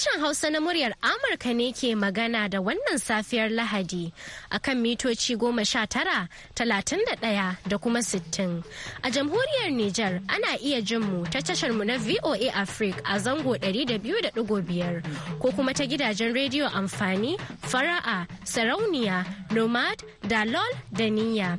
Sashen Hausa na muryar Amurka ne ke magana da wannan safiyar Lahadi a kan mitoci goma sha tara, talatin da ɗaya da kuma sittin. A jamhuriyar Nijar ana iya jin mu ta tashar mu na VOA Africa a zango da da biyu biyar ko kuma ta gidajen rediyo amfani, fara'a, sarauniya, nomad, dalol da niyya.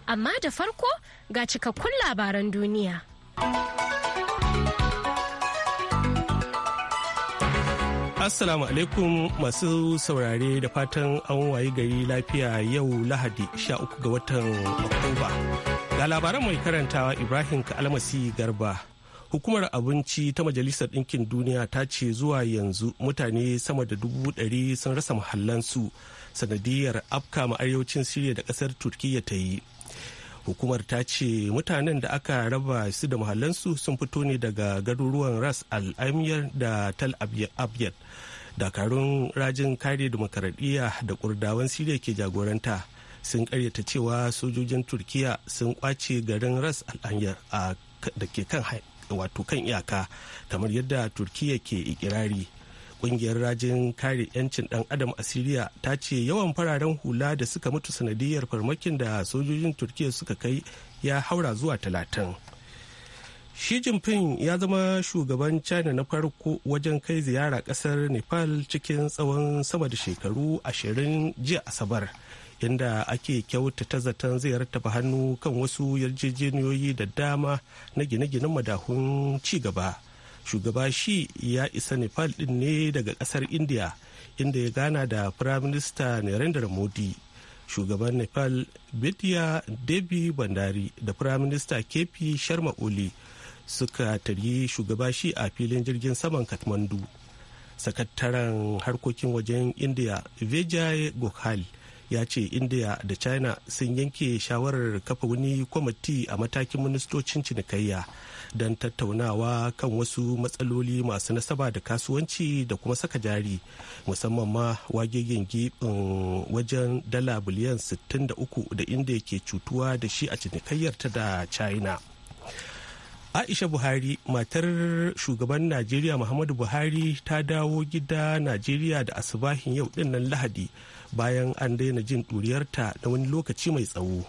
amma da farko ga cikakkun labaran duniya. Assalamu alaikum masu saurare da fatan an wayi gari lafiya yau Lahadi 13 ga watan Oktoba. Ga labaran mai karantawa Ibrahim Kalmasi Garba. Hukumar abinci ta Majalisar Ɗinkin Duniya ta ce zuwa yanzu mutane sama da dubu ɗari sun rasa muhallansu sanadiyar afka ma arewacin Siriya da ƙasar Turkiyya ta yi. hukumar ta ce mutanen da aka raba su da muhallansu sun fito ne daga garuruwan ras al amiyar da tal abyad dakarun rajin kare demokaradiyya da kurdawan siriya ke jagoranta sun karyata cewa sojojin turkiya sun kwace garin ras al amiyar da ke wato kan iyaka kamar yadda turkiya ke ikirari kungiyar rajin kare 'yancin dan adam a siriya ta ce yawan fararen hula da suka mutu sanadiyar farmakin da sojojin turkiya suka kai ya haura zuwa talatin shi Jinping ya zama shugaban China na farko wajen kai ziyara kasar Nepal cikin tsawon sama da shekaru ashirin jiya Asabar, inda ake kyautata zaton zai rattaba hannu kan wasu yarjejeniyoyi da dama na gine-ginen madahun ci gaba shugaba shi ya isa nepal din ne daga kasar india inda ya gana da prime minister narendra modi shugaban nepal bidya debi bandari da prime firaminista kepi sharma oli suka tarihi shugaba shi a filin jirgin saman kathmandu sakataren harkokin wajen india vijay gokhale ya ce india da china sun yanke shawarar kafa wani kwamiti a matakin ministocin cinikayya don tattaunawa kan wasu matsaloli masu nasaba da kasuwanci da kuma saka jari musamman ma wagegen gibin wajen dala biliyan 63 da inda ke cutuwa da shi a cinikayyar ta da china aisha buhari matar shugaban najeriya muhammadu buhari ta dawo gida najeriya da asibahin yau dinnan lahadi bayan an daina jin ɗuriyarta na wani lokaci mai tsawo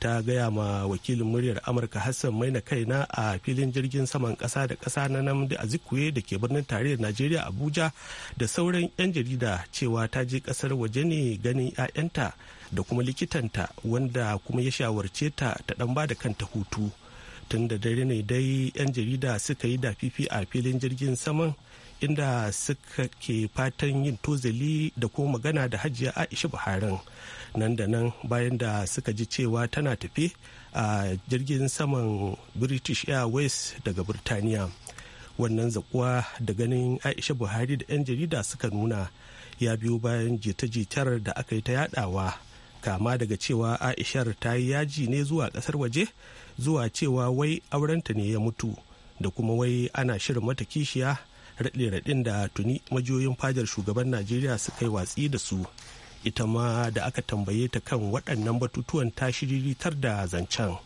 ta gaya ma wakilin muryar amurka hassan maina kaina a filin jirgin saman ƙasa da ƙasa na namdi azikwe da ke birnin tarayyar najeriya abuja da sauran 'yan jarida cewa ta je ƙasar waje ne ganin 'ya'yanta da kuma likitanta wanda kuma ya shawarce ta ta ɗan ba da kanta hutu tun da dare ne dai 'yan jarida suka yi dafifi a filin jirgin saman inda suka ke fatan yin tozali da kuma magana da hajiya aisha buharin nan da nan bayan da suka ji cewa tana tafi a jirgin saman british airways daga birtaniya wannan zakuwa da ganin aisha buhari da 'yan jarida suka nuna ya biyo bayan jita-jitar da aka yi ta yadawa kama daga cewa aishar ta yi yaji ne zuwa kasar waje zuwa cewa wai aurenta ne ya mutu da kuma wai ana shirin mata kishiya raɗe-raɗin da tuni majiyoyin fadar shugaban najeriya suka yi watsi da su ita ma da aka tambaye ta kan waɗannan batutuwan ta shiriritar da zancen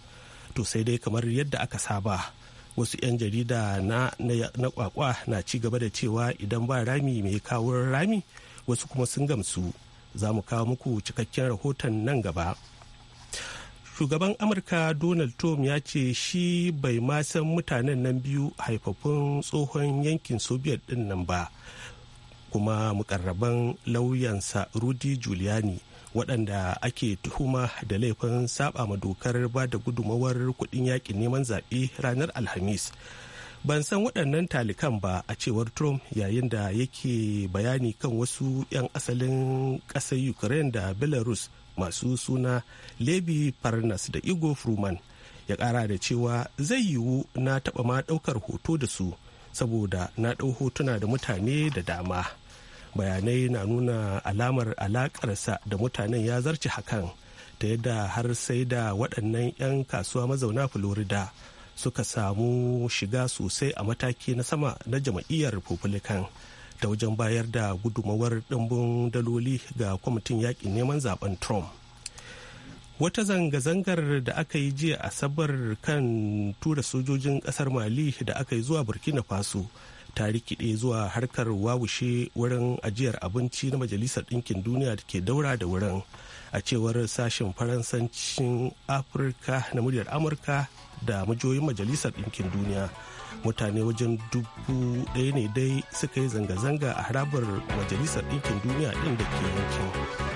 to sai dai kamar yadda aka saba wasu 'yan jarida na, na, kwakwa na ci gaba da cewa idan ba rami mai kawo rami wasu kuma sun gamsu za mu kawo muku cikakken rahoton nan gaba shugaban amurka donald trump ya ce shi bai ma san mutanen nan biyu haifaffun tsohon yankin soviet din nan ba kuma mukarraban lauyansa rudy giuliani waɗanda ake tuhuma da laifin saba ma dokar ba da gudumawar kuɗin yaƙin neman zaɓe ranar alhamis ban san waɗannan talikan ba a cewar trump yayin da yake bayani kan wasu 'yan asalin ƙasar ukraine da belarus masu suna levi parnas da igor fruman ya ƙara da cewa zai yiwu na taɓa ma ɗaukar hoto da su saboda na ɗau hotuna da mutane da dama bayanai na nuna alamar alaƙarsa da mutanen ya zarce hakan ta yadda har sai da waɗannan 'yan kasuwa mazauna florida suka samu shiga sosai a mataki na sama na jam'iyyar republican ta wajen bayar da gudumawar ɗimbin daloli ga kwamitin yaƙin neman zaben trump wata zanga-zangar da aka yi jiya asabar kan tura sojojin ƙasar mali da aka yi zuwa burkina faso ta rikide zuwa harkar wawushe wurin ajiyar abinci na majalisar ɗinkin duniya da ke daura da wurin a cewar sashen faransancin afirka na muryar amurka da majoyin majalisar ɗinkin duniya mutane wajen dubu ɗaya ne dai suka yi zanga-zanga a harabar majalisar ɗinkin duniya ɗin da ke yankin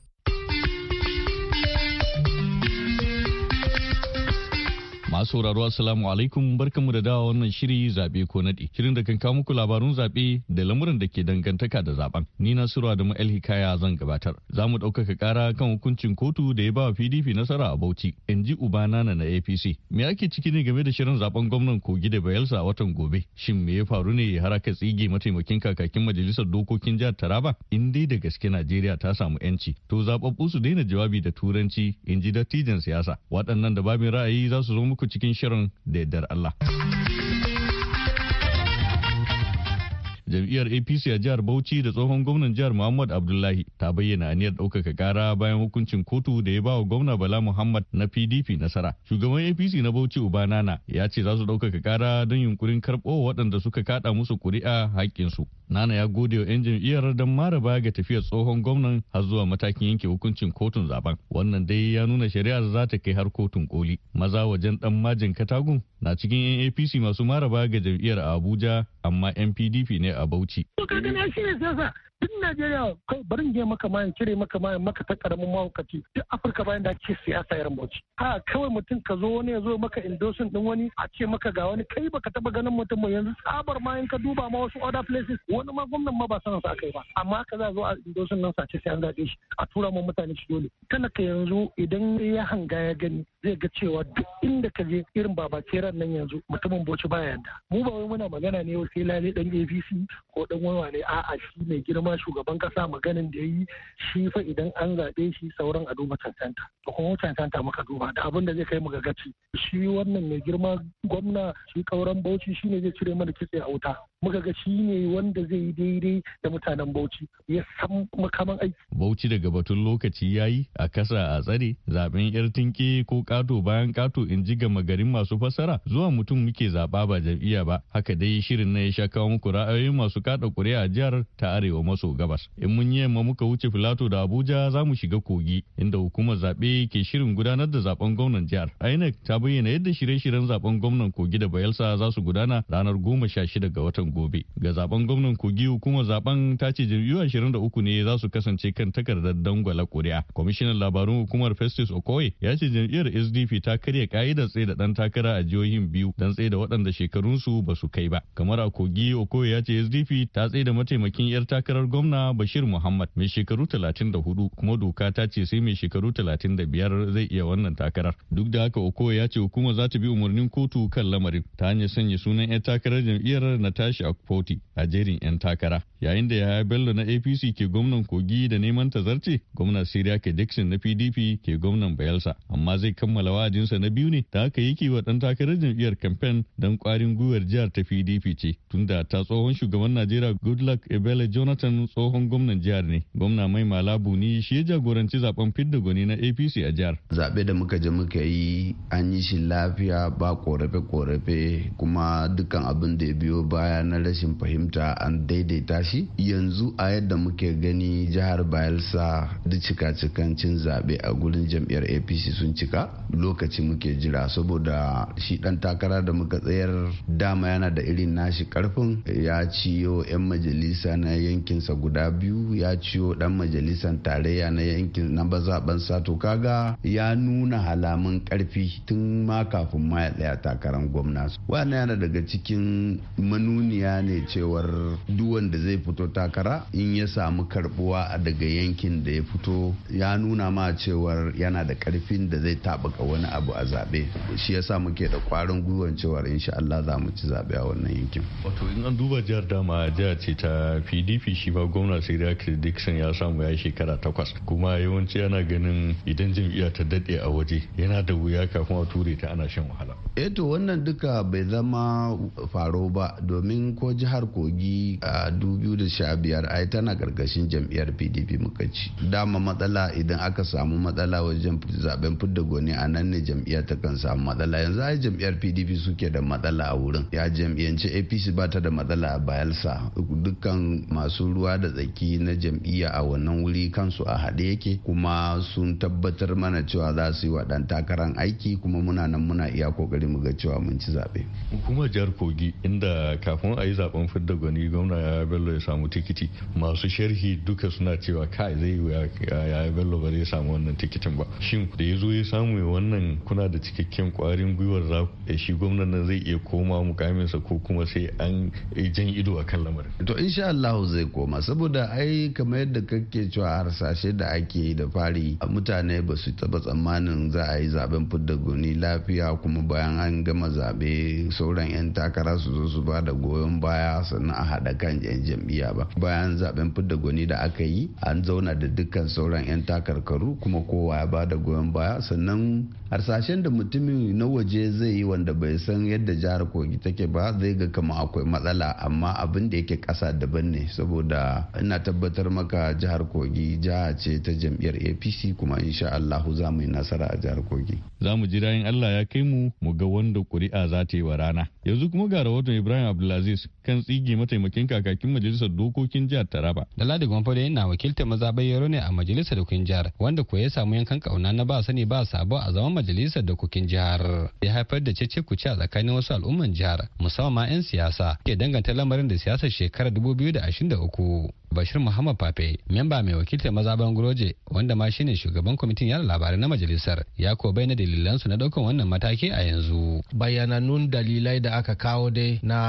Masu sauraro Assalamu alaikum barkanmu da dawa wannan shiri zabe ko nadi. Shirin da kan kawo muku labarun zabe da lamuran da ke dangantaka da zaben. Ni na Surwa da mu Hikaya zan gabatar. Za mu ɗaukaka ƙara kan hukuncin kotu da ya ba wa PDP nasara a Bauchi. In ji Ubana na na APC. Me ake ciki ne game da shirin zaben gwamnan Kogi da Bayelsa a watan gobe? Shin me ya faru ne har aka tsige mataimakin kakakin majalisar dokokin jihar Taraba? In dai da gaske Najeriya ta samu 'yanci. To zaɓaɓɓu su daina jawabi da turanci in ji dattijan siyasa. Waɗannan da babin ra'ayi za su zo muku cikin shirin da Allah. jam'iyyar apc a jihar bauchi da tsohon gwamnan jihar muhammad abdullahi ta bayyana aniyar ɗaukaka ƙara bayan hukuncin kotu da ya ba wa gwamna bala muhammad na pdp nasara shugaban apc na bauchi ubanana ya ce za su ɗaukaka ƙara don yunkurin karɓo waɗanda suka kaɗa musu ƙuri'a haƙƙinsu nana ya gode wa 'yan jam'iyyar don mara baya ga tafiyar tsohon gwamnan har zuwa matakin yanke hukuncin kotun zaben wannan dai ya nuna shari'ar za ta kai har kotun koli maza wajen ɗan majin katagun na cikin 'yan apc masu mara baya ga jam'iyyar abuja amma 'yan pdp ne a Bauchi. To kaga na shi ne siyasa duk Najeriya kai barin je maka mayan cire maka mayan maka ta karamin mahaukaci duk Afirka bayan da ake siyasa yaran bauchi. Ha kawai mutum ka zo wani ya zo maka indosin din wani a ce maka ga wani kai baka taba ganin mutum mai yanzu tsabar mayan ka duba ma wasu other places wani ma gwamnan ma ba sanin sa kai ba amma ka za zo a indosin nan sa ce sai an zaɓe shi a tura ma mutane shi dole. Talaka yanzu idan ya hanga ya gani zai ga cewa duk inda ka je irin babakeran nan yanzu mutumin bauchi baya yadda. Mu ba wai muna magana ne wai sai lale dan APC ko dan wani a'a shi mai girma ba shugaban kasa maganin da ya yi shi fa idan an zaɓe shi sauran a duba cancanta da kuma cancanta muka duba da abin da zai kai mu ga gaci shi wannan mai girma gwamna shi kauran bauchi ne zai cire mana kitse a wuta muka ga shi ne wanda zai yi daidai da mutanen Bauchi ya san makaman aiki. Bauchi daga batun lokaci ya yi a kasa a tsare zaben yar tinke ko kato bayan kato in ji gama garin masu fassara zuwa mutum muke zaba ba jam'iyya ba haka dai shirin na ya sha kawo muku ra'ayoyin masu kada kuri'a a jihar ta arewa maso gabas. In mun yi yamma muka wuce Filato da Abuja za mu shiga kogi inda hukumar zaɓe ke shirin gudanar da zaben gwamnan jihar. INEC ta bayyana yadda shirye-shiryen zaben gwamnan kogi da Bayelsa za su gudana ranar goma sha shida ga watan gobe. Ga zaben gwamnan Kogi hukumar zaben ta ce jam'iyyu 23 ne za su kasance kan takardar dangwala kuri'a. Kwamishinan labarun hukumar Festus Okoye ya ce jam'iyyar SDP ta karya ka'idar tsaye da ɗan takara a jihohin biyu dan tsaye da waɗanda shekarunsu ba su kai ba. Kamar a Kogi Okoye ya ce SDP ta tsaye da mataimakin 'yar takarar gwamna Bashir Muhammad mai shekaru talatin da hudu kuma doka ta ce sai mai shekaru talatin da biyar zai iya wannan takarar. Duk da haka Okoye ya ce hukumar za ta bi umarnin kotu kan lamarin ta hanyar sanya sunan 'yar takarar jam'iyyar Natasha Shakpoti a jerin 'yan takara. yayin da yaya bello na apc ke gwamnan kogi da neman tazarce gwamna siriya ke dixon na pdp ke gwamnan bayelsa amma zai kammala wajinsa na biyu ne ta haka yake wa dan takarar jam'iyyar kamfen don kwarin gwiwar jihar ta pdp ce tunda ta tsohon shugaban najeriya goodluck ebele jonathan tsohon gwamnan jihar ne gwamna mai malabu ne shi ya jagoranci zaben fidda gwani na apc a jihar zaɓe da muka je muka yi an yi shi lafiya ba korafe korafe kuma dukkan abin da ya biyo baya na rashin fahimta an daidaita shi yanzu a yadda muke gani jihar bayelsa da cika-cikancin zaɓe a gurin jam'iyyar apc sun cika lokaci muke jira saboda shi ɗan takara da muka tsayar dama yana da irin nashi karfin ya ciyo 'yan majalisa na yankinsa guda biyu ya ciyo ɗan majalisan tarayya na yankin na bazaɓen sato kaga ya nuna alamun karfi tun ma kafin ma ya tsaya takarar gwamna wannan yana daga cikin manuniya ne cewar duk wanda zai fito takara in ya samu karbuwa daga yankin da ya fito ya nuna ma cewar yana da karfin da zai tabaka wani abu a zaɓe shi yasa muke da kwarin gwiwan cewar insha Allah za mu ci zaɓe a wannan yankin. Wato in an duba jihar dama jihar ce ta PDP shi ba gwamna sai da Dixon ya samu ya shekara takwas kuma yawanci ana ganin idan jam'iyya ta dade a waje yana da wuya kafin a ture ta ana shan wahala. Eh to wannan duka bai zama faro ba domin ko jihar Kogi a dubi 2015 ai tana karkashin jam'iyyar pdp muka ci dama matsala idan aka samu matsala wajen zaben fidda goni a nan ne jam'iyyar ta kan samu matsala yanzu ai jam'iyyar pdp suke da matsala a wurin ya jam'iyyance apc ba ta da matsala a bayelsa dukkan masu ruwa da tsaki na jam'iyya a wannan wuri kansu a haɗe yake kuma sun tabbatar mana cewa za su yi wa ɗan takarar aiki kuma muna nan muna iya kokari mu ga cewa mun ci zaɓe. hukumar jihar kogi inda kafin a yi zaben fidda gwani gwamna ya bello ya samu tikiti masu sharhi duka suna cewa kai zai yaya bello ba zai samu wannan tikitin ba shin da ya zo ya samu ya wannan kuna da cikakken kwarin gwiwar za eh, shi gwamnan nan zai iya koma mukaminsa ko kuma sai an eh, jan ido a kan lamarin to insha Allah zai koma saboda ai kamar yadda kake cewa harsashe da ake yi da fari mutane ba su taba tsammanin za a yi zaben fidda goni lafiya kuma bayan an gama zabe sauran 'yan takara su zo su ba da goyon baya sannan a haɗa kan 'yan jam'i jam'iyya ba bayan zaben fidda gwani da aka yi an zauna da dukkan sauran 'yan takarkaru kuma kowa ya bada goyon baya sannan harsashen da mutumin na waje zai yi wanda bai san yadda jihar kogi take ba zai ga kama akwai matsala amma abin da yake kasa daban ne saboda ina tabbatar maka jihar kogi jiha ce ta jam'iyyar apc kuma insha allahu za mu yi nasara a jihar kogi za mu ji dayin allah ya kai mu mu ga wanda kuri'a za ta yi wa rana yanzu kuma ga rahoton ibrahim abdulaziz kan tsige mataimakin kakakin majalisar majalisar dokokin jihar taraba da ladi gwamfare yana wakiltar maza bayyaro ne a majalisar dokokin jihar wanda ko ya samu yankan kauna na ba sani ba sabo a zaman majalisar dokokin jihar ya haifar da cece kuce a tsakanin wasu al'umman jihar musamman ma 'yan siyasa ke danganta lamarin da siyasar shekarar 2023 bashir muhammad fafe memba mai wakiltar mazaban guroje wanda ma shine shugaban kwamitin yada labarai na majalisar ya ko bayyana dalilansu na daukan wannan mataki a yanzu bayananun dalilai da aka kawo dai na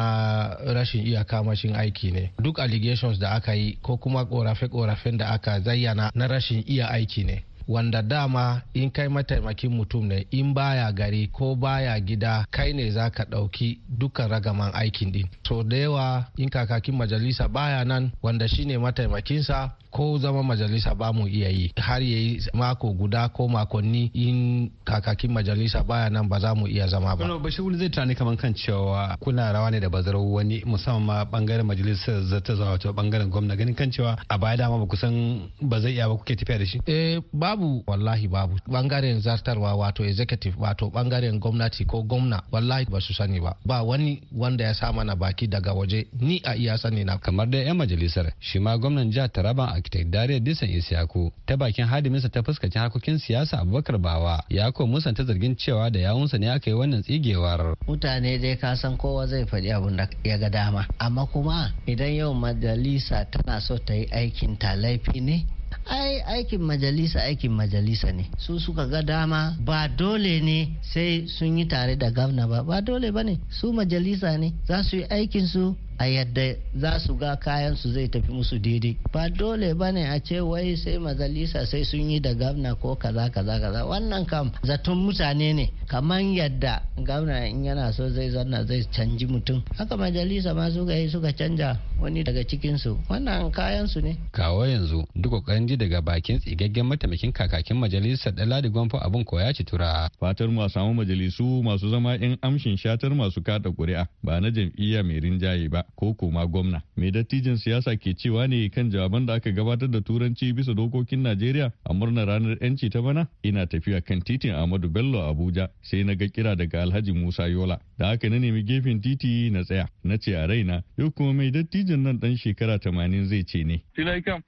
rashin iya kamashin aiki ne duk allegations da aka yi ko kuma korafe-korafen da aka zayyana na rashin iya aiki ne wanda dama in kai mataimakin mutum ne in baya gari ko baya gida kai ne za ka ɗauki dukkan ragaman aikin din to da yawa in kakakin majalisa baya nan wanda shine mataimakinsa ko zama majalisa ba mu iya yi har yayi mako guda ko makonni in kakakin majalisa baya nan ba za mu iya zama ba. Kano Bashir zai tunani kamar kan cewa kuna rawa ne da bazar wani musamman ma bangaren majalisar zata zawa ta bangaren gwamna ganin kan cewa a baya dama ba kusan ba zai iya ba kuke tafiya da shi. Eh babu wallahi babu bangaren zartarwa wato executive wato bangaren gwamnati ko gwamna wallahi ba su sani ba ba wani wanda ya sa mana baki daga waje ni a iya sani na. Kamar da 'yan majalisar shi ma gwamnan jihar Taraba a architect Dariya Disan Isiyako ta bakin hadiminsa ta fuskanci harkokin siyasa Abubakar Bawa ya ko musanta zargin cewa da yawunsa ne aka yi wannan tsigewar. Mutane dai ka san kowa zai faɗi abun da ya ga dama amma kuma idan yau majalisa tana so ta yi aikin ta laifi ne ai aikin majalisa aikin majalisa ne su suka ga dama ba dole ne sai sun yi tare da gavna ba ba dole ba ne su majalisa ne za su yi aikin su a yadda za su ga kayan su zai tafi musu daidai ba dole ba ne a ce wai sai majalisa sai sun yi da gavna ko kaza kaza kaza wannan kam zaton mutane ne kamar yadda gamna in yana so zai zanna zai canji mutum haka majalisa ma suka yi suka canja wani daga cikinsu wannan kayan su ne kawo yanzu duk kokarin ji daga bakin tsigaggen mataimakin kakakin majalisa daladi gwamfa abun koya ci tura fatar mu samu majalisu masu zama yan amshin shatar masu kada kuri'a ba na jam'iyya mai rinjaye ba ko kuma gwamna. mai dattijan siyasa ke cewa ne kan jawaban da aka gabatar da turanci bisa dokokin Najeriya a murnar ranar 'yanci ta bana? Ina tafiya kan titin Ahmadu Bello Abuja sai na ga kira daga Alhaji Musa Yola. Da haka na nemi gefen titi na tsaya. Na ce a raina, yau kuma mai dattijan nan dan shekara tamanin zai ce ne.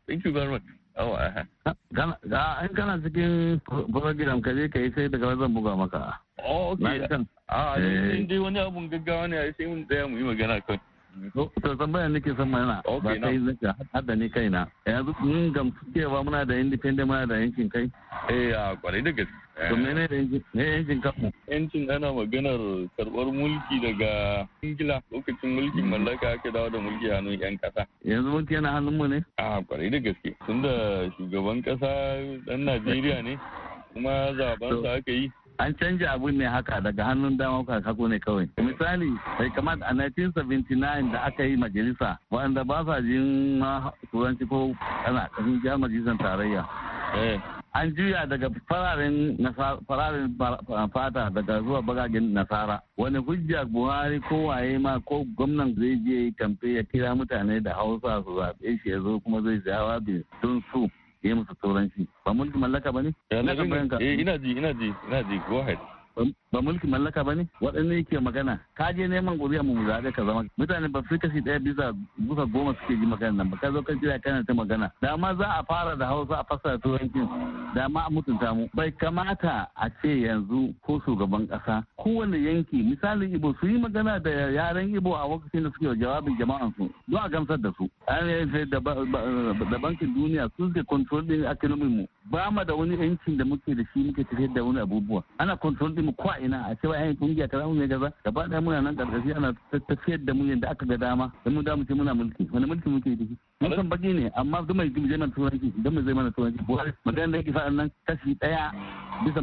thank you very much. kana ka je ka yi sai daga zan buga maka. Oh, okay. Na yi kan. Ah, eh. wani abun gaggawa ne sai mun tsaya mu yi magana kawai. To tambayar nake san mana ba ta yi zaka hada ni kaina. Yanzu mun gamsu cewa muna da independent muna da yankin kai. Eh a kwarai da gaske. To mene ne yankin kanmu? yankin ana maganar karɓar mulki daga Ingila lokacin mulkin mallaka aka dawo da mulki hannun 'yan kasa. Yanzu mulki yana hannunmu ne? A kwarai da gaske. Tunda shugaban kasa ɗan Najeriya ne kuma zaben sa aka yi. an canja abin ne haka daga hannun dama ka kako ne kawai misali sai kamar a 1979 da aka yi majalisa waɗanda ba sa jin ma turanci ko ana kasin jihar majalisar tarayya eh, an juya daga fararen fata daga zuwa bagagen nasara wani hujja buhari ko waye ma ko gwamnan zai je kamfe ya kira mutane da hausa su zaɓe shi ya zo kuma zai jawabi don su ya musu sauransu ba mulkin mallaka ba ne? Eh, eh, ina ji ina ji ina ji go ahead ba mulki mallaka ba ne waɗanda yake magana ka je neman ƙuri'a mu zaɓe ka zama mutane ba su kashi ɗaya bisa bisa goma suke ji magana nan ba ka zo kan jira kana ta magana da ma za a fara da hausa a fassara turancin da ma a mutunta mu bai kamata a ce yanzu ko shugaban ƙasa kowane yanki misalin ibo su yi magana da yaren ibo a lokacin da suke jawabin jama'an su don a gamsar da su an yi da bankin duniya su suke kontrol ɗin mu ba mu da wani yancin da muke da shi muke tafiyar da wani abubuwa ana kontrol din mu ko ina a cewa yayin kungiya ta zamu ne gaza gaba da muna nan karkashi ana tafiyar da mu yanda aka ga dama dan mu da mu ce muna mulki wani mulki muke da shi mun san baki ne amma duk mai zai mana turanci idan mai zai mana turanci buhari magana da yake faɗa nan kashi ɗaya bisa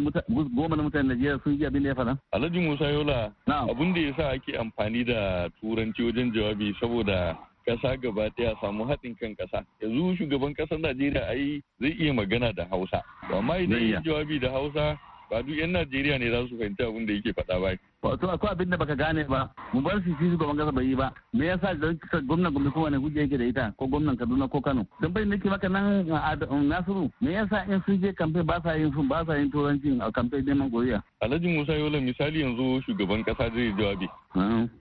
goma na mutanen Najeriya sun yi abin da ya faɗa. Alhaji Musa Yola abin da ya sa ake amfani da turanci wajen jawabi saboda kasa gaba ɗaya samu haɗin kan kasa yanzu shugaban kasar najeriya ai zai iya magana da hausa amma idan yi jawabi da hausa ba duk yan najeriya ne za su fahimci abin da yake faɗa ba wato akwai abin da baka gane ba mu bar su shi shugaban kasa bai yi ba me yasa don gwamnan gwamnati kowane hujja yake da ita ko gwamnan kaduna ko kano don bai nake maka nan nasiru me yasa in sun je kamfe ba sa yin sun ba sa yin turanci a kamfe neman goriya alhaji musa yola misali yanzu shugaban kasa zai jawabi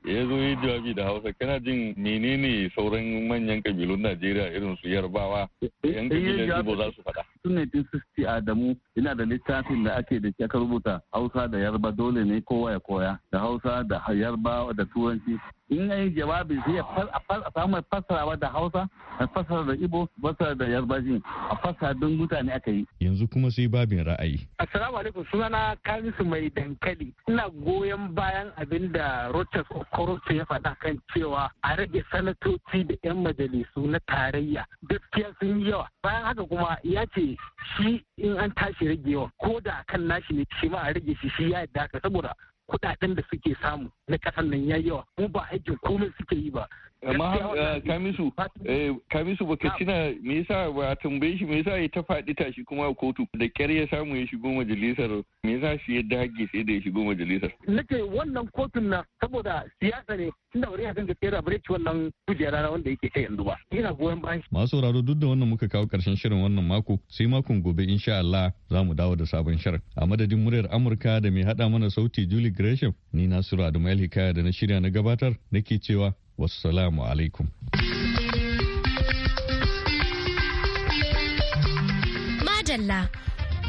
ya zo yi jawabi da hausa kana jin menene sauran manyan kabilun najeriya irin su yarbawa eh, yan eh, kabilun jibo za su faɗa tun 1960 adamu ina da littafin da ake da shekar aka rubuta hausa da yarba dole ne kowa ya koya da hausa da yarba da turanci in yi jawabi sai a samu fassarawa da hausa a fassara da ibo fassara da yarbaji a fassara don mutane aka yi yanzu kuma sai babin ra'ayi assalamu alaikum sunana kamisu mai dankali ina goyon bayan abin da rochas okoroto ya faɗa kan cewa a rage sanatoci da yan majalisu na tarayya gaskiya sun yi yawa bayan haka kuma ya ce shi in an tashi rage ko da kan nashi ne shi ma a rage shi shi ya yadda haka saboda kuɗaɗen da suke samu na ƙasar nan yayi yawa mu ba aikin komai suke yi ba amma eh, kamisu eh, kamisu baka cina me yasa ba tambaye shi me yasa ya ta faɗi tashi kuma a kotu da kyar ya samu ya shigo majalisar me yasa shi ya dage sai da ya shigo majalisar nake wannan kotun na saboda siyasa ne tunda wuri ya ganga tsera bare ci wannan kujera na wanda yake kai yanzu ba ina goyon bayan masu sauraro duk da wannan muka kawo karshen shirin wannan mako sai makon gobe insha Allah za mu dawo da sabon shirin a madadin muryar Amurka da mai hada mana sauti Julie Gresham ni Nasiru Adamu Hikaya da na shirya na gabatar nake cewa Wassalamu alaikum. Madalla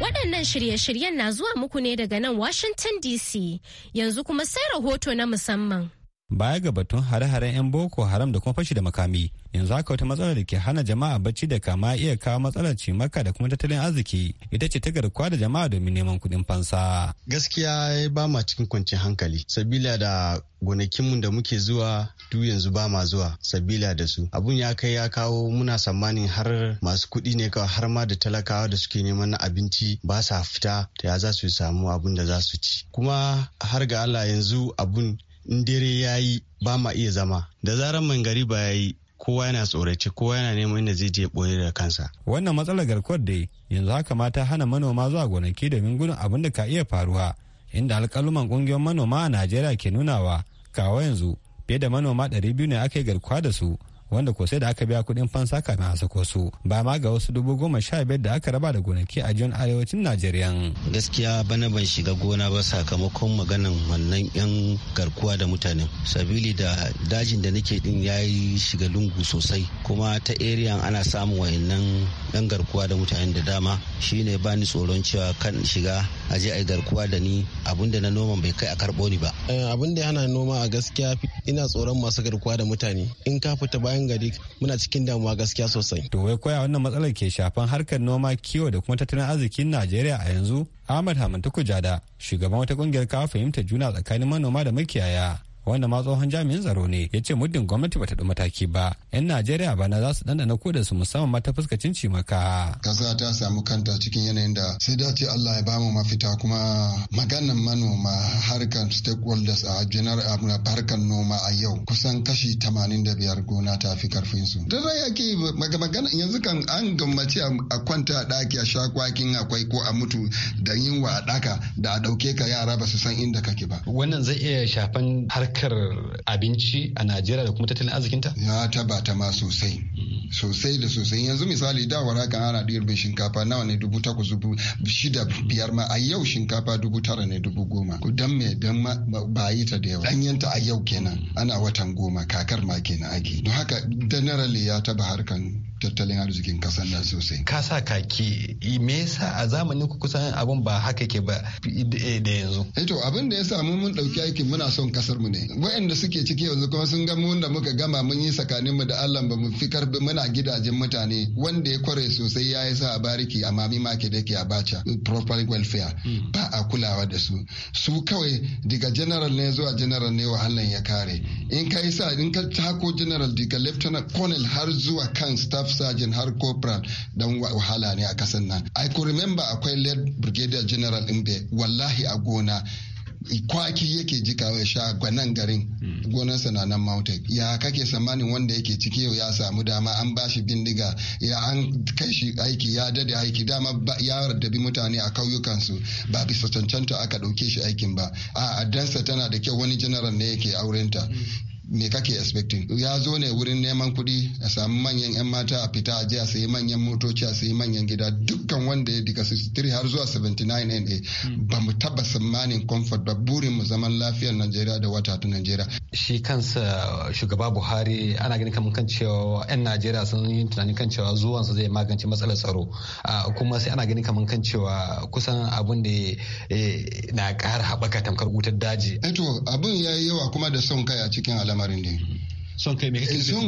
Waɗannan shirye-shiryen na zuwa muku ne daga nan Washington DC yanzu kuma sai rahoto na musamman. baya ga batun hare-haren 'yan boko haram da kuma fashi da makami yanzu haka wata matsalar da ke hana jama'a bacci da kama iya kawo matsalar cimaka da kuma tattalin arziki ita ce ta garkuwa da jama'a domin neman kuɗin fansa gaskiya ya ba ma cikin kwanciyar hankali sabila da gonakinmu da muke zuwa du yanzu ba ma zuwa sabila da su abun ya kai ya kawo muna tsammanin har masu kuɗi ne kawai har ma da talakawa da suke neman na abinci ba sa fita ta ya za su samu abun da za su ci kuma har ga allah yanzu abun in dare ya yi ba ma iya zama da zarar gariba ya yi kowa yana tsoraci kowa yana neman inda zai je boye da kansa wannan matsalar garkuwar dai yanzu haka mata hana manoma zuwa gonaki domin gudun abin da ka iya faruwa inda alkaluman kungiyar manoma a najeriya ke nunawa kawo yanzu fiye da manoma 200 ne aka yi garkuwa da su wanda ko sai da aka biya kuɗin fansa kafin a sako su ba ma ga wasu dubu goma sha biyar da aka raba da gonaki a jihar arewacin najeriya gaskiya bana ban shiga gona ba sakamakon maganan wannan yan garkuwa da mutanen sabili da dajin da nake din ya shiga lungu sosai kuma ta area ana samun wayannan dan garkuwa da mutanen da dama shine ba ni tsoron cewa kan shiga a je a garkuwa da ni abinda na noman bai kai a karbo ni ba. Eh, abin da ya hana noma a gaskiya ina tsoron masu garkuwa da mutane in ka fita bayan gari muna cikin damuwa gaskiya sosai. to wai koya wannan matsalar ke shafan harkar noma kiwo da kuma tattalin arzikin najeriya a yanzu ahmad hamanta kujada shugaban wata kungiyar kawo fahimtar juna tsakanin manoma da makiyaya wanda ma tsohon jami'in tsaro ne ya ce muddin gwamnati bata ɗau mataki ba yan najeriya bana za su ko da su musamman ma ta fuskacin cimaka. kasa ta samu kanta cikin yanayin da sai da ce allah ya bamu mafita kuma maganan manoma harkar stakeholders a janar harkar noma a yau kusan kashi tamanin da biyar gona ta fi karfin su. da zai ake magana yanzu kan an gammace a kwanta a ɗaki a sha kwakin akwai ko a mutu da yinwa a ɗaka da a ɗauke ka yara ba su san inda kake ba. wannan zai iya shafan harkar harkar abinci a Najeriya da kuma tattalin arzikinta? Ya tabata ma sosai. Mm-hmm. Sosai da sosai. Yanzu misali da kan ana ɗiyar bin shinkafa nawa ne dubu takwas dubu shida biyar ma a yau shinkafa dubu tara ne dubu goma. Ku Dan me dan ma ba yi ta da yawa. Ɗanyenta a yau kenan mm-hmm. ana watan goma kakar ma kenan ake. Don haka generally ya taba harkan tattalin arzikin kasar nan sosai ka sa kaki me yasa a zamanin ku kusan abun ba haka ke ba eh, da yanzu eh to abin da ya mu mun dauki aikin muna son kasar mu ne waɗanda suke ciki yanzu kuma sun ga mun da muka gama mun yi tsakanin mu da Allah ba mu fi karbi muna gidajen mutane wanda ya kware sosai ya yi sa a bariki a mami ke da ke a bacha proper welfare hmm. ba a kulawa da su su kawai daga general ne zuwa general ne wahalan ya kare in ka yi sa in ka tako general daga lieutenant colonel har zuwa kan staff sergeant har corporal don wahala ne a kasan nan i could remember akwai led brigadier general imbe wallahi a gona kwaki yake jika ya sha gwanan garin hmm. Gonan na nan mountain ya kake tsammanin wanda yake ciki yau ya samu dama an bashi bindiga ya an kai shi aiki ya dade aiki dama ya raddabi mutane a kauyukansu ba bisa cancanta aka ɗauke shi aikin ba a addansa tana da kyau wani general ne yake aurenta hmm. me kake expecting ya zo ne wurin neman kuɗi a samu manyan 'yan mata a fita a je a sayi manyan motoci a sayi manyan gida dukkan wanda ya daga 63 har zuwa 79 na hmm. ba mu taba tsammanin comfort ba burin mu zaman lafiyar najeriya da wata ta najeriya shi kansa uh, shugaba buhari ana ganin kamar kan cewa 'yan najeriya sun yi tunanin kan cewa zuwan su zai magance matsalar tsaro uh, kuma sai ana ganin kamar kan cewa kusan abun da eh, na ƙara haɓaka tamkar wutar daji. eto abun ya yi yawa kuma da son kai a cikin alama lamarin din son kai mai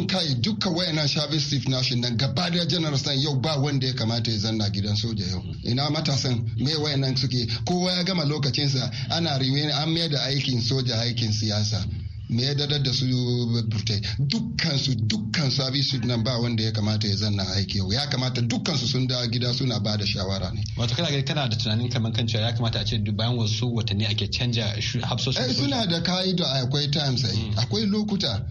kai dukkan wayannan service steve nashi nan gaba da general san yau ba wanda ya kamata ya zanna gidan soja yau ina matasan me wayannan suke kowa ya gama lokacinsa ana riwe an mayar da aikin soja aikin siyasa me ya dadar da su burtai eh, dukkan su dukkan service nan ba wanda ya kamata ya zanna aiki yau ya kamata dukkan su sun da gida suna ba da shawara ne wato kana gari kana da tunanin kamar kan cewa ya kamata a ce bayan wasu watanni ake canja hafsoshin eh, suna da ka'ida akwai times hmm. akwai lokuta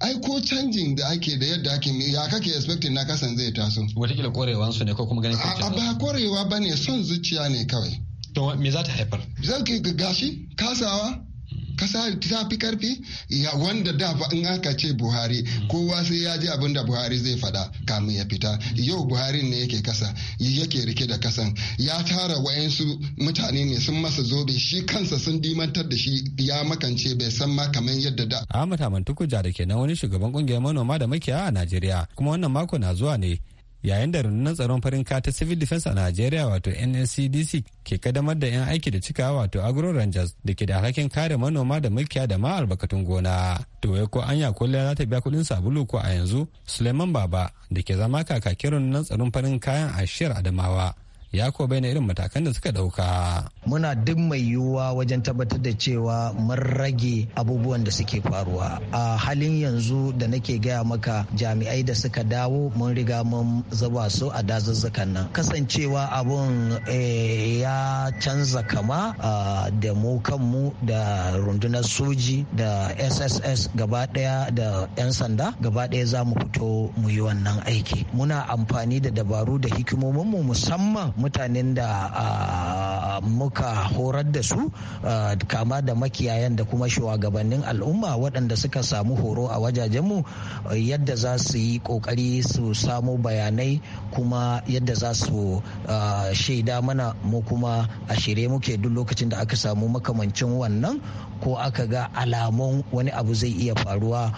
ai ko canjin da ake da yadda ake ya kake expecting na kasan zai taso watakila korewan su ne ko kuma ganin a ba korewa bane son zuciya ne kawai to me za ta haifar zan ki gashi kasawa kasa ta fi karfi wanda da in aka ce buhari kowa sai ya ji abin da buhari zai fada kamin ya fita yau buhari ne yake kasa yake rike da kasan ya tara wa'yansu mutane ne sun masa zobe shi kansa sun dimantar da shi ya makance bai san ma kamar yadda da ahmad hamantukuja da kenan wani shugaban kungiyar manoma da makiya a najeriya kuma wannan mako na zuwa ne yayin da rundunar tsaron farin ta civil defense a nigeria wato nscdc ke kadamar da 'yan aiki da cikawa wato agro rangers da ke da alhakin kare manoma da mulkiya da ma albarkatun gona to ko anya kullum za ta biya kudin sabulu ko a yanzu suleiman baba da ke zama kakakin rundunar tsaron farin kayan ashiyar adamawa ya ko bayyana irin matakan da suka dauka muna duk mai yiwuwa wajen tabbatar da cewa mun rage abubuwan da suke faruwa a halin yanzu da nake gaya maka jami'ai da suka dawo mun riga mun zuba su a dazuzzukan nan kasancewa abun eh, ya canza kama da mu kanmu da rundunar soji da sss gaba daya da 'yan sanda gaba daya za mu fito mu yi wannan aiki muna amfani da dabaru da hikimomin mu musamman mutanen da muka horar da su kama da makiyayan da kuma shugabannin al'umma waɗanda suka samu horo a wajajenmu yadda za su yi ƙoƙari su samu bayanai kuma yadda za su shaida mana mu kuma a shirye muke duk lokacin da aka samu makamancin wannan ko aka ga alamun wani abu zai iya faruwa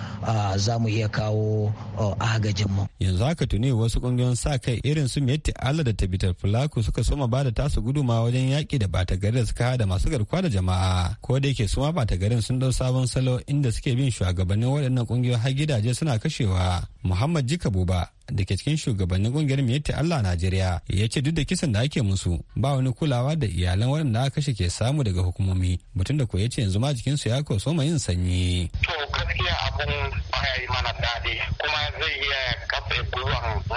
za mu iya kawo agajinmu. yanzu haka tuni wasu ƙungiyoyin sa kai irin su metti allah da tabitar fulak ku suka soma ba da tasu guduma wajen yaƙi da bata gari da suka hada masu garkuwa da jama'a ko da yake suma bata garin sun dau sabon salo inda suke bin shugabannin waɗannan ƙungiyoyi har gidaje suna kashewa muhammad jika buba da ke cikin shugabannin ƙungiyar miyatta allah najeriya ya ce duk da kisan da ake musu ba wani kulawa da iyalan waɗanda aka kashe ke samu daga hukumomi mutum da ko ya ce yanzu ma jikinsu ya ko soma yin sanyi. to gaskiya abun baya yi mana daɗi kuma zai iya kafa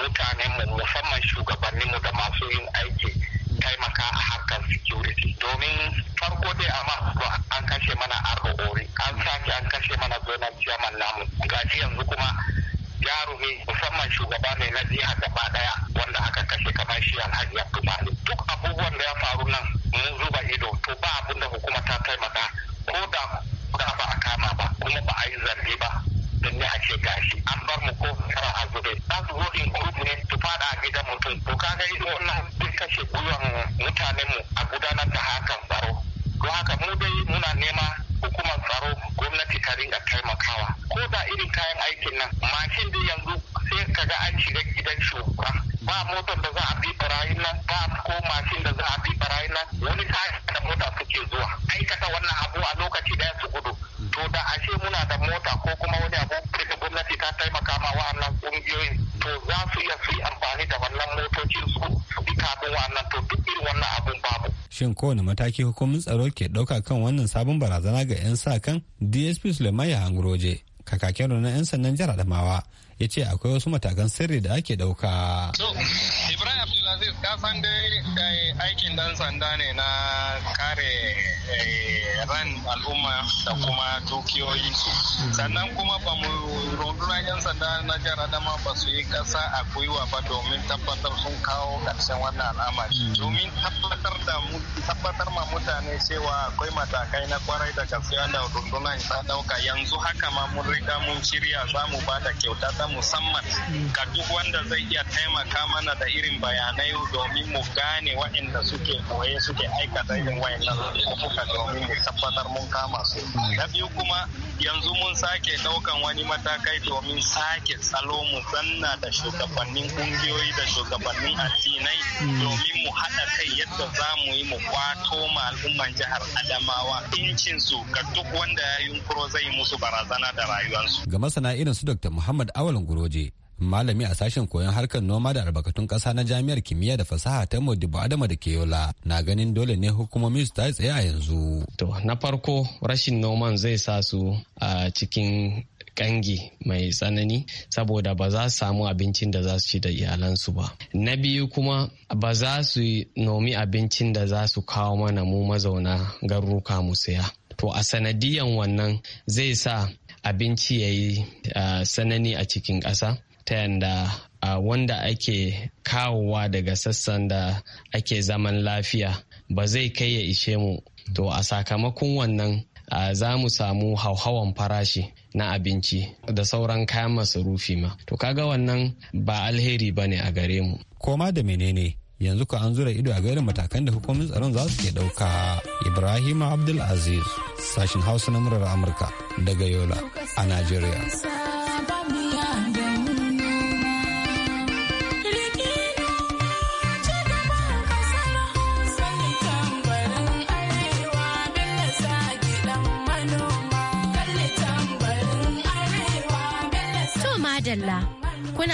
mutanen mu musamman shugabanninmu da masu yin security domin farko dai a shin kowane mataki hukumin tsaro ke ɗauka kan wannan sabon barazana ga 'yan sa kan dsp suleiman ya hangroje kakakin rundunar 'yan sannan jihar adamawa ya ce akwai wasu matakan sirri da ake ɗauka. ibrahim abdulaziz ka san dai eh, aikin dan sanda ne na kare Eh, ran al'umma da kuma dukiyoyinsu mm. sannan kuma ba mu runduna 'yan sanda na jihar adama ba su yi kasa a gwiwa ba domin tabbatar sun kawo karshen wannan al'amari mm. domin tabbatar da tabbatar ma mutane cewa akwai matakai na kwarai da gaske wanda runduna ta dauka yanzu haka ma mun riga mun shirya za mu ba da kyauta ta musamman mm. ga duk wanda zai iya taimaka mana da irin bayanai domin mu gane waɗanda suke koye suke aikata irin wayannan haka domin mu tabbatar mun kama su na biyu kuma yanzu mun sake daukan wani matakai domin sake tsalo mu zanna da shugabannin kungiyoyi da shugabannin addinai domin mu haɗa kai yadda za mu yi mu kwato ma al'umman jihar adamawa incinsu ga duk wanda ya yunkuro zai musu barazana da rayuwarsu ga masana irin su dr muhammad Awalin guroje malami a sashen koyon harkar noma da albarkatun ƙasa na jami'ar kimiyya da fasaha ta modibo adama da keyola na ganin dole ne hukumomi su ta tsaye a yanzu to na farko rashin noman zai sa su a cikin kangi mai tsanani saboda ba za su samu abincin da za su ci da iyalansu ba na biyu kuma ba za su nomi abincin da za su kawo mana mu mazauna garuruka mu saya to a sanadiyan wannan zai sa abinci ya yi uh, sanani a cikin ƙasa ta yanda wanda ake kawowa daga sassan da ake zaman lafiya ba zai kai ya ishe mu to a sakamakon wannan za mu samu hauhawan farashi na abinci da sauran kayan masarufi ma to kaga wannan ba alheri ba ne a gare mu koma da menene yanzu ka an zura ido a garin matakan da hukumomin tsaron za su ke dauka ibrahim abdulaziz sashen hausa na murar amurka daga yola a nigeria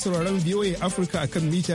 sauraron VOA Africa akan mita